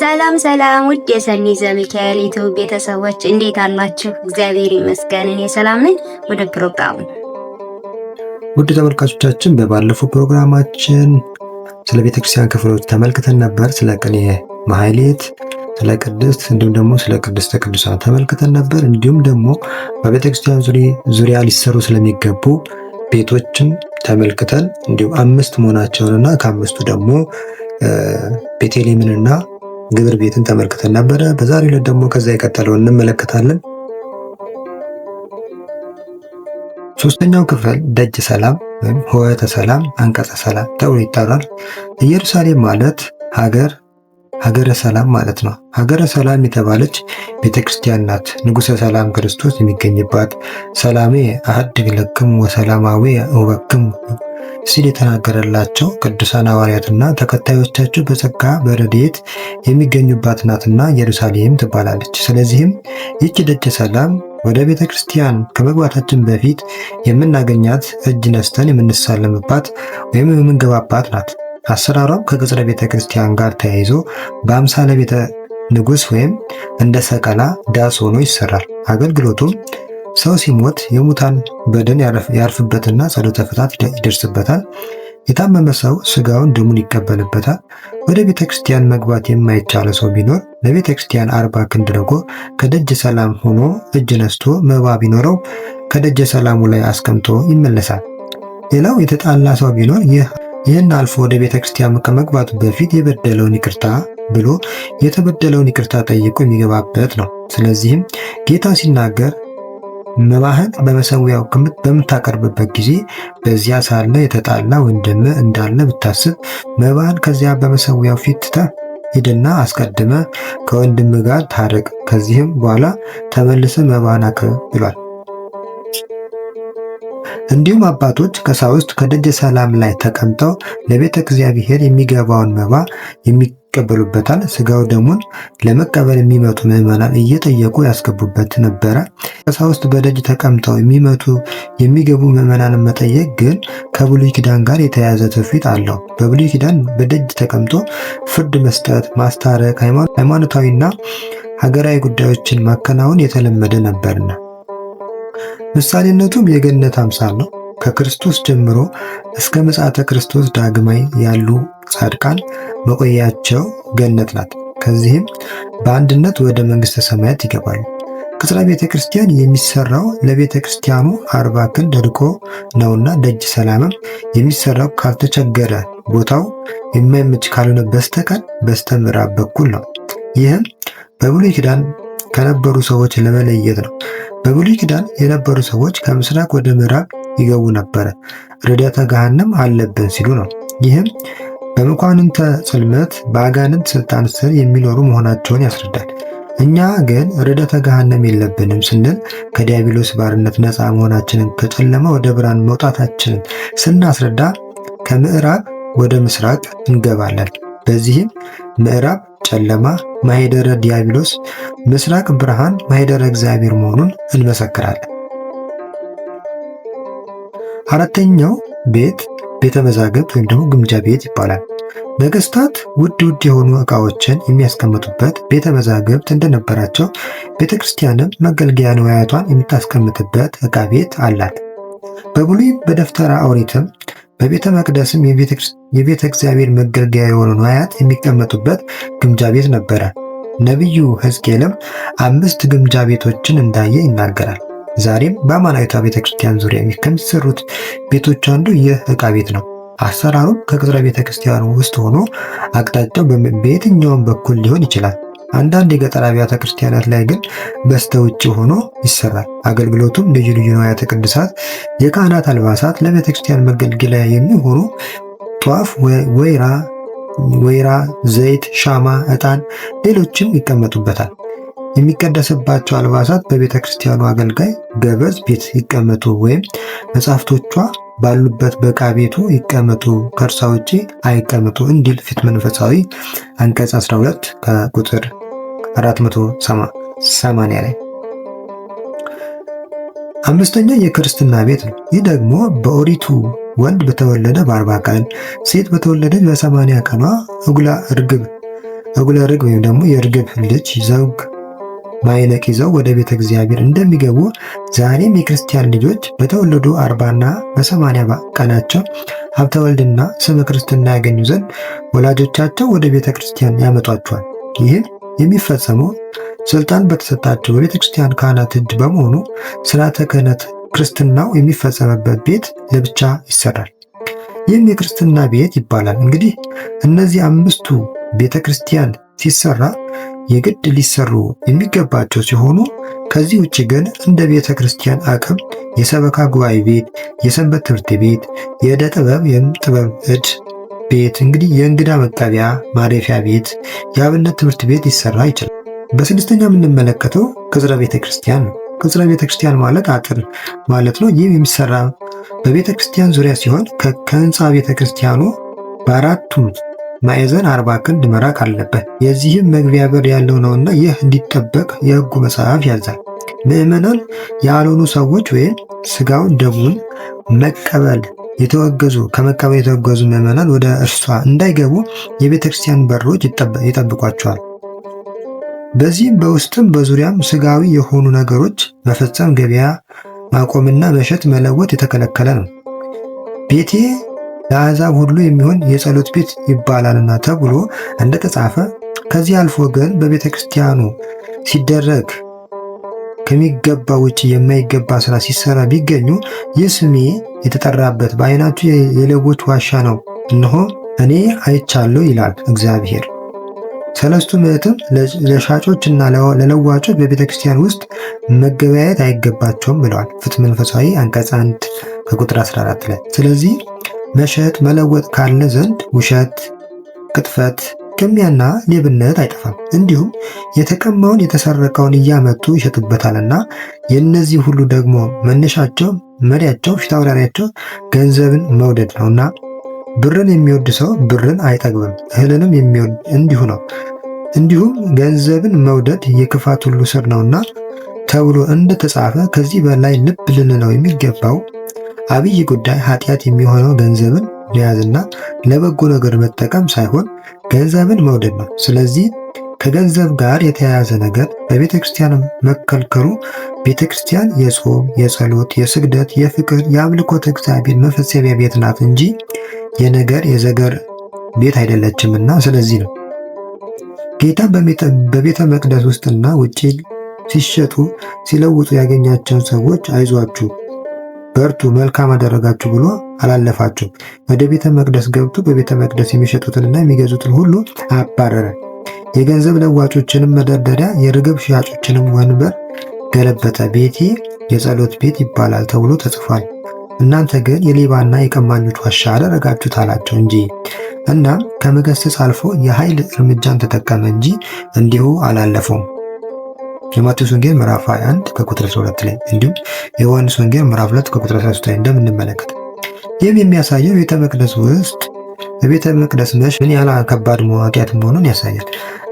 ሰላም ሰላም ውድ የሰኒ ዘሚካኤል ዩቲዩብ ቤተሰቦች እንዴት አላችሁ? እግዚአብሔር ይመስገን እኔ ሰላም ነኝ። ወደ ፕሮግራሙ ውድ ተመልካቾቻችን በባለፈው ፕሮግራማችን ስለ ቤተክርስቲያን ክፍሎች ተመልክተን ነበር። ስለ ቅኔ ማህሌት፣ ስለ ቅድስት እንዲሁም ደግሞ ስለ ቅድስተ ቅዱሳን ተመልክተን ነበር። እንዲሁም ደግሞ በቤተክርስቲያን ዙሪያ ሊሰሩ ስለሚገቡ ቤቶችን ተመልክተን እንዲሁም አምስት መሆናቸውንና ከአምስቱ ደግሞ ቤተልሔምንና ግብር ቤትን ተመልክተን ነበረ። በዛሬ ዕለት ደግሞ ከዛ የቀጠለውን እንመለከታለን። ሶስተኛው ክፍል ደጅ ሰላም ወይም ሆሄተ ሰላም፣ አንቀጸ ሰላም ተብሎ ይጠራል። ኢየሩሳሌም ማለት ሀገር ሀገረ ሰላም ማለት ነው። ሀገረ ሰላም የተባለች ቤተክርስቲያን ናት። ንጉሠ ሰላም ክርስቶስ የሚገኝባት ሰላሜ አሐድግ ለክሙ ወሰላማዊ እውበክሙ ሲል የተናገረላቸው ቅዱሳን ሐዋርያትና ተከታዮቻቸው በጸጋ በረድኤት የሚገኙባት ናትና ኢየሩሳሌም ትባላለች። ስለዚህም ይች ደጀ ሰላም ወደ ቤተ ክርስቲያን ከመግባታችን በፊት የምናገኛት እጅ ነስተን የምንሳለምባት ወይም የምንገባባት ናት። አሰራሯም ከቅጽረ ቤተ ክርስቲያን ጋር ተያይዞ በአምሳለ ቤተ ንጉሥ ወይም እንደ ሰቀላ ዳስ ሆኖ ይሰራል። አገልግሎቱም ሰው ሲሞት የሙታን በደን ያርፍበትና ጸሎተ ፍታት ይደርስበታል። የታመመ ሰው ስጋውን ደሙን ይቀበልበታል። ወደ ቤተ ክርስቲያን መግባት የማይቻለ ሰው ቢኖር ለቤተ ክርስቲያን አርባ ክንድ ርቆ ከደጀ ሰላም ሆኖ እጅ ነስቶ መባ ቢኖረው ከደጀ ሰላሙ ላይ አስቀምጦ ይመለሳል። ሌላው የተጣላ ሰው ቢኖር ይህ ይህን አልፎ ወደ ቤተ ክርስቲያን ከመግባቱ በፊት የበደለውን ይቅርታ ብሎ የተበደለውን ይቅርታ ጠይቆ የሚገባበት ነው። ስለዚህም ጌታ ሲናገር መባህን በመሰዊያው በምታቀርብበት ጊዜ በዚያ ሳለ የተጣላ ወንድም እንዳለ ብታስብ መባህን ከዚያ በመሰዊያው ፊት ትተህ ሂድና አስቀድመ ከወንድም ጋር ታረቅ፣ ከዚህም በኋላ ተመልሰ መባህን አቅርብ ብሏል። እንዲሁም አባቶች ቀሳውስት ከደጀ ሰላም ላይ ተቀምጠው ለቤተ እግዚአብሔር የሚገባውን መባ የሚቀበሉበታል። ስጋው ደሙን ለመቀበል የሚመጡ ምዕመናን እየጠየቁ ያስገቡበት ነበረ። ቀሳውስት በደጅ ተቀምጠው የሚመቱ የሚገቡ ምዕመናን መጠየቅ ግን ከብሉይ ኪዳን ጋር የተያያዘ ትውፊት አለው። በብሉይ ኪዳን በደጅ ተቀምጦ ፍርድ መስጠት፣ ማስታረቅ፣ ሃይማኖታዊና ሀገራዊ ጉዳዮችን ማከናወን የተለመደ ነበርና ምሳሌነቱም የገነት አምሳል ነው። ከክርስቶስ ጀምሮ እስከ ምጽአተ ክርስቶስ ዳግማይ ያሉ ጻድቃን መቆያቸው ገነት ናት። ከዚህም በአንድነት ወደ መንግሥተ ሰማያት ይገባሉ። ቅጥረ ቤተ ክርስቲያን የሚሰራው ለቤተ ክርስቲያኑ አርባ ክንድ ርቆ ነውና ደጅ ሰላምም የሚሰራው ካልተቸገረ ቦታው የማይመች ካልሆነ በስተቀር በስተ ምዕራብ በኩል ነው። ይህም በብሉይ ኪዳን ከነበሩ ሰዎች ለመለየት ነው። በብሉይ ኪዳን የነበሩ ሰዎች ከምስራቅ ወደ ምዕራብ ይገቡ ነበረ፣ ርደተ ገሃነም አለብን ሲሉ ነው። ይህም በመኳንንተ ጽልመት በአጋንንት ስልጣን ስር የሚኖሩ መሆናቸውን ያስረዳል። እኛ ግን ርደተ ገሃነም የለብንም ስንል ከዲያብሎስ ባርነት ነፃ መሆናችንን ከጨለመ ወደ ብርሃን መውጣታችንን ስናስረዳ ከምዕራብ ወደ ምስራቅ እንገባለን። በዚህም ምዕራብ ጨለማ ማኅደረ ዲያብሎስ፣ ምስራቅ ብርሃን ማሄደረ እግዚአብሔር መሆኑን እንመሰክራለን። አራተኛው ቤት ቤተ መዛግብት ወይም ደግሞ ግምጃ ቤት ይባላል። ነገስታት ውድ ውድ የሆኑ እቃዎችን የሚያስቀምጡበት ቤተ መዛግብት እንደነበራቸው ቤተ ክርስቲያንም መገልገያ ንዋያቷን የምታስቀምጥበት እቃ ቤት አላት። በብሉይ በደፍተራ ኦሪትም በቤተ መቅደስም የቤተ እግዚአብሔር መገልገያ የሆኑ ነዋያት የሚቀመጡበት ግምጃ ቤት ነበረ። ነቢዩ ሕዝቅኤልም አምስት ግምጃ ቤቶችን እንዳየ ይናገራል። ዛሬም በአማናዊቷ ቤተ ክርስቲያን ዙሪያ ከሚሰሩት ቤቶች አንዱ ይህ ዕቃ ቤት ነው። አሰራሩም ከቅጥረ ቤተ ክርስቲያኑ ውስጥ ሆኖ አቅጣጫው በየትኛውም በኩል ሊሆን ይችላል። አንዳንድ የገጠር አብያተ ክርስቲያናት ላይ ግን በስተውጭ ሆኖ ይሰራል። አገልግሎቱም ልዩ ልዩ ንዋያተ ቅድሳት፣ የካህናት አልባሳት፣ ለቤተ ክርስቲያን መገልገያ የሚሆኑ ጧፍ፣ ወይራ ወይራ ዘይት፣ ሻማ፣ ዕጣን፣ ሌሎችም ይቀመጡበታል። የሚቀደስባቸው አልባሳት በቤተ ክርስቲያኑ አገልጋይ ገበዝ ቤት ይቀመጡ ወይም መጻሕፍቶቿ ባሉበት በዕቃ ቤቱ ይቀመጡ፣ ከእርሳ ውጪ አይቀመጡ እንዲል ፊት መንፈሳዊ አንቀጽ 12 ከቁጥር 480 ላይ አምስተኛ የክርስትና ቤት ነው። ይህ ደግሞ በኦሪቱ ወንድ በተወለደ በአርባ ቀን ሴት በተወለደች በሰማንያ ቀኗ እጉላ ርግብ እጉለ ርግብ ወይም ደግሞ የርግብ ልጅ ዘውግ ማይለቅ ይዘው ወደ ቤተ እግዚአብሔር እንደሚገቡ ዛሬም የክርስቲያን ልጆች በተወለዱ አርባና በሰማንያ ቀናቸው ሀብተ ወልድና ስመ ክርስትና ያገኙ ዘንድ ወላጆቻቸው ወደ ቤተ ክርስቲያን ያመጧቸዋል። ይህም የሚፈጸመው ስልጣን በተሰጣቸው በቤተ ክርስቲያን ካህናት እጅ በመሆኑ ስርዓተ ክህነት ክርስትናው የሚፈጸምበት ቤት ለብቻ ይሰራል። ይህም የክርስትና ቤት ይባላል። እንግዲህ እነዚህ አምስቱ ቤተ ክርስቲያን ሲሰራ የግድ ሊሰሩ የሚገባቸው ሲሆኑ ከዚህ ውጭ ግን እንደ ቤተ ክርስቲያን አቅም የሰበካ ጉባኤ ቤት፣ የሰንበት ትምህርት ቤት፣ የእደ ጥበብ ጥበብ እድ ቤት እንግዲህ የእንግዳ መቀቢያ ማረፊያ ቤት፣ የአብነት ትምህርት ቤት ሊሰራ ይችላል። በስድስተኛ የምንመለከተው ቅጽረ ቤተ ክርስቲያን ነው። ቅጽረ ቤተ ክርስቲያን ማለት አጥር ማለት ነው። ይህም የሚሰራ በቤተ ክርስቲያን ዙሪያ ሲሆን ከህንፃ ቤተ ክርስቲያኑ በአራቱም ማዕዘን አርባ ክንድ መራቅ አለበት። የዚህም መግቢያ በር ያለው ነውና ይህ እንዲጠበቅ የህጉ መጽሐፍ ያዛል። ምዕመናን ያልሆኑ ሰዎች ወይም ስጋውን ደሙን መቀበል የተወገዙ ከመቃብር የተወገዙ ምዕመናን ወደ እርሷ እንዳይገቡ የቤተ ክርስቲያን በሮች ይጠብቋቸዋል። በዚህም በውስጥም በዙሪያም ስጋዊ የሆኑ ነገሮች መፈጸም፣ ገበያ ማቆምና መሸጥ መለወጥ የተከለከለ ነው። ቤቴ ለአሕዛብ ሁሉ የሚሆን የጸሎት ቤት ይባላልና ተብሎ እንደተጻፈ ከዚህ አልፎ ግን በቤተ ክርስቲያኑ ሲደረግ ከሚገባ ውጭ የማይገባ ስራ ሲሰራ ቢገኙ ይህ ስሜ የተጠራበት በዓይናችሁ የሌቦች ዋሻ ነው፣ እነሆ እኔ አይቻለሁ ይላል እግዚአብሔር። ሰለስቱ ምዕትም ለሻጮችና ለለዋጮች በቤተ ክርስቲያን ውስጥ መገበያየት አይገባቸውም ብለዋል። ፍት መንፈሳዊ አንቀጽ 1 ከቁጥር 14 ላይ። ስለዚህ መሸጥ መለወጥ ካለ ዘንድ ውሸት፣ ቅጥፈት ቅሚያና ሌብነት አይጠፋም። እንዲሁም የተቀማውን የተሰረቀውን እያመጡ ይሸጡበታልና የእነዚህ ሁሉ ደግሞ መነሻቸው መሪያቸው ፊታውራሪያቸው ገንዘብን መውደድ ነውና ብርን የሚወድ ሰው ብርን አይጠግብም፣ እህልንም የሚወድ እንዲሁ ነው። እንዲሁም ገንዘብን መውደድ የክፋት ሁሉ ስር ነውና ተብሎ እንደተጻፈ ከዚህ በላይ ልብ ልንለው የሚገባው አብይ ጉዳይ ኃጢአት የሚሆነው ገንዘብን መያዝና ለበጎ ነገር መጠቀም ሳይሆን ገንዘብን መውደድ ነው። ስለዚህ ከገንዘብ ጋር የተያያዘ ነገር በቤተ ክርስቲያን መከልከሉ ቤተ ክርስቲያን የጾም፣ የጸሎት፣ የስግደት፣ የፍቅር፣ የአምልኮ እግዚአብሔር መፈጸሚያ ቤት ናት እንጂ የነገር የዘገር ቤት አይደለችምና ስለዚህ ነው ጌታ በቤተ መቅደስ ውስጥና ውጪ ሲሸጡ ሲለውጡ ያገኛቸውን ሰዎች አይዟችሁ በርቱ መልካም አደረጋችሁ ብሎ አላለፋችሁ ወደ ቤተ መቅደስ ገብቶ በቤተ መቅደስ የሚሸጡትንና የሚገዙትን ሁሉ አባረረ። የገንዘብ ለዋጮችንም መደርደሪያ፣ የርግብ ሻጮችንም ወንበር ገለበጠ። ቤቴ የጸሎት ቤት ይባላል ተብሎ ተጽፏል፣ እናንተ ግን የሌባና የቀማኞች ዋሻ አደረጋችሁት አላቸው እንጂ። እናም ከመገሰጽ አልፎ የኃይል እርምጃን ተጠቀመ እንጂ እንዲሁ አላለፈውም። የማቴዎስ ወንጌል ምዕራፍ 21 ከቁጥር 12 ላይ እንዲሁም የዮሐንስ ወንጌል ምዕራፍ 2 ከቁጥር 13 ላይ እንደምንመለከት ይህም የሚያሳየው ቤተ መቅደስ ውስጥ በቤተ መቅደስ መሽ ምን ያህል ከባድ ኃጢአት መሆኑን ያሳያል።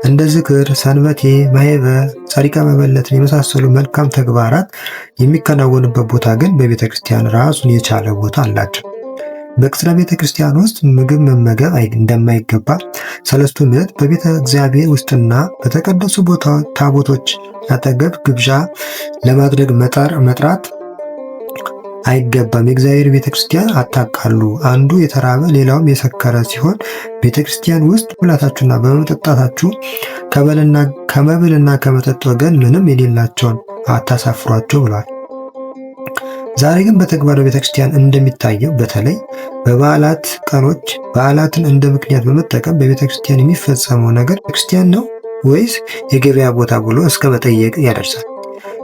እንደ ዝክር፣ ሰንበቴ፣ ማህበ ጸሪቃ መበለትን የመሳሰሉ መልካም ተግባራት የሚከናወንበት ቦታ ግን በቤተ ክርስቲያን ራሱን የቻለ ቦታ አላቸው። በቅጽረ ቤተ ክርስቲያን ውስጥ ምግብ መመገብ እንደማይገባ ሰለስቱ ምዕት በቤተ እግዚአብሔር ውስጥና በተቀደሱ ቦታ ታቦቶች አጠገብ ግብዣ ለማድረግ መጠር መጥራት አይገባም። የእግዚአብሔር ቤተ ክርስቲያን አታቃሉ። አንዱ የተራበ ሌላውም የሰከረ ሲሆን ቤተ ክርስቲያን ውስጥ ሁላታችሁና በመጠጣታችሁ ከመብልና ከመጠጥ ወገን ምንም የሌላቸውን አታሳፍሯቸው ብሏል። ዛሬ ግን በተግባር ቤተክርስቲያን እንደሚታየው በተለይ በበዓላት ቀኖች በዓላትን እንደ ምክንያት በመጠቀም በቤተክርስቲያን የሚፈጸመው ነገር ክርስቲያን ነው ወይስ የገበያ ቦታ ብሎ እስከ መጠየቅ ያደርሳል።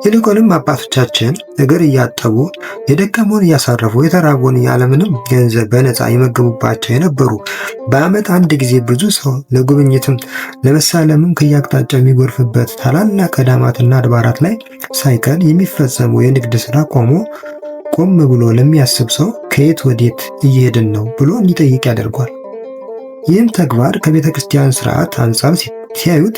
ይልቁንም አባቶቻችን እግር እያጠቡ የደከመውን እያሳረፉ የተራቦን ያለምንም ገንዘብ በነፃ የመገቡባቸው የነበሩ በዓመት አንድ ጊዜ ብዙ ሰው ለጉብኝትም ለመሳለምም ከየአቅጣጫው የሚጎርፍበት ታላላቅ ገዳማትና አድባራት ላይ ሳይቀር የሚፈጸሙ የንግድ ስራ ቆሞ ቆም ብሎ ለሚያስብ ሰው ከየት ወዴት እየሄድን ነው ብሎ እንዲጠይቅ ያደርጓል። ይህም ተግባር ከቤተ ክርስቲያን ስርዓት አንጻር ሲያዩት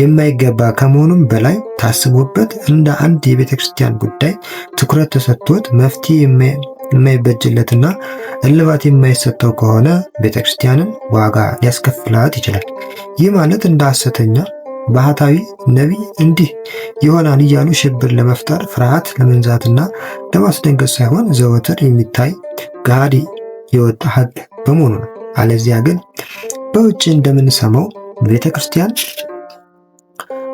የማይገባ ከመሆኑም በላይ ታስቦበት እንደ አንድ የቤተ ክርስቲያን ጉዳይ ትኩረት ተሰጥቶት መፍትሄ የማይበጅለትና እልባት የማይሰጠው ከሆነ ቤተ ክርስቲያንን ዋጋ ሊያስከፍላት ይችላል። ይህ ማለት እንደ ሐሰተኛ ባህታዊ ነቢይ እንዲህ ይሆናል እያሉ ሽብር ለመፍጠር ፍርሃት ለመንዛትና ለማስደንገጥ ሳይሆን ዘወትር የሚታይ ጋዲ የወጣ ሀቅ በመሆኑ ነው። አለዚያ ግን በውጭ እንደምንሰማው ቤተ ክርስቲያን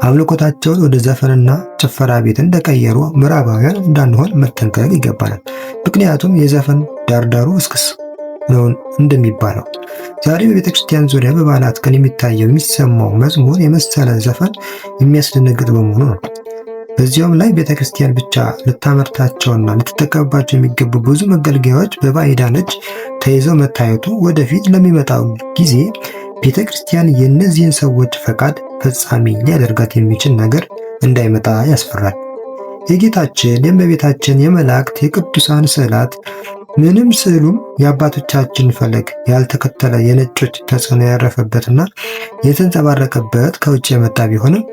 አምልኮታቸውን ወደ ዘፈንና ጭፈራ ቤት እንደቀየሩ ምዕራባውያን እንዳንሆን መጠንቀቅ ይገባናል። ምክንያቱም የዘፈን ዳርዳሩ እስክስ ነው እንደሚባለው። ዛሬ በቤተ ክርስቲያን ዙሪያ በበዓላት ቀን የሚታየው የሚሰማው መዝሙር የመሰለ ዘፈን የሚያስደነግጥ በመሆኑ ነው። በዚያውም ላይ ቤተ ክርስቲያን ብቻ ልታመርታቸውና ልትጠቀምባቸው የሚገቡ ብዙ መገልገያዎች በባይዳ ነጭ ተይዘው መታየቱ ወደፊት ለሚመጣው ጊዜ ቤተ ክርስቲያን የእነዚህን ሰዎች ፈቃድ ፈጻሚ ሊያደርጋት የሚችል ነገር እንዳይመጣ ያስፈራል። የጌታችን የእመቤታችን የመላእክት የቅዱሳን ስዕላት ምንም ስዕሉም የአባቶቻችን ፈለግ ያልተከተለ የነጮች ተጽዕኖ ያረፈበትና የተንጸባረቀበት ከውጭ የመጣ ቢሆንም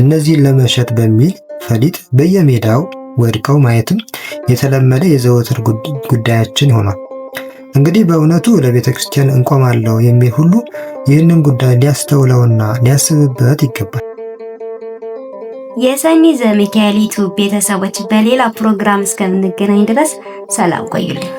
እነዚህን ለመሸጥ በሚል ፈሊጥ በየሜዳው ወድቀው ማየትም የተለመደ የዘወትር ጉዳያችን ሆኗል። እንግዲህ በእውነቱ ለቤተ ክርስቲያን እንቆማለሁ የሚል ሁሉ ይህንን ጉዳይ ሊያስተውለውና ሊያስብበት ይገባል። የሰኒ ዘሚካኤል ዩቲዩብ ቤተሰቦች በሌላ ፕሮግራም እስከምንገናኝ ድረስ ሰላም ቆዩልኝ።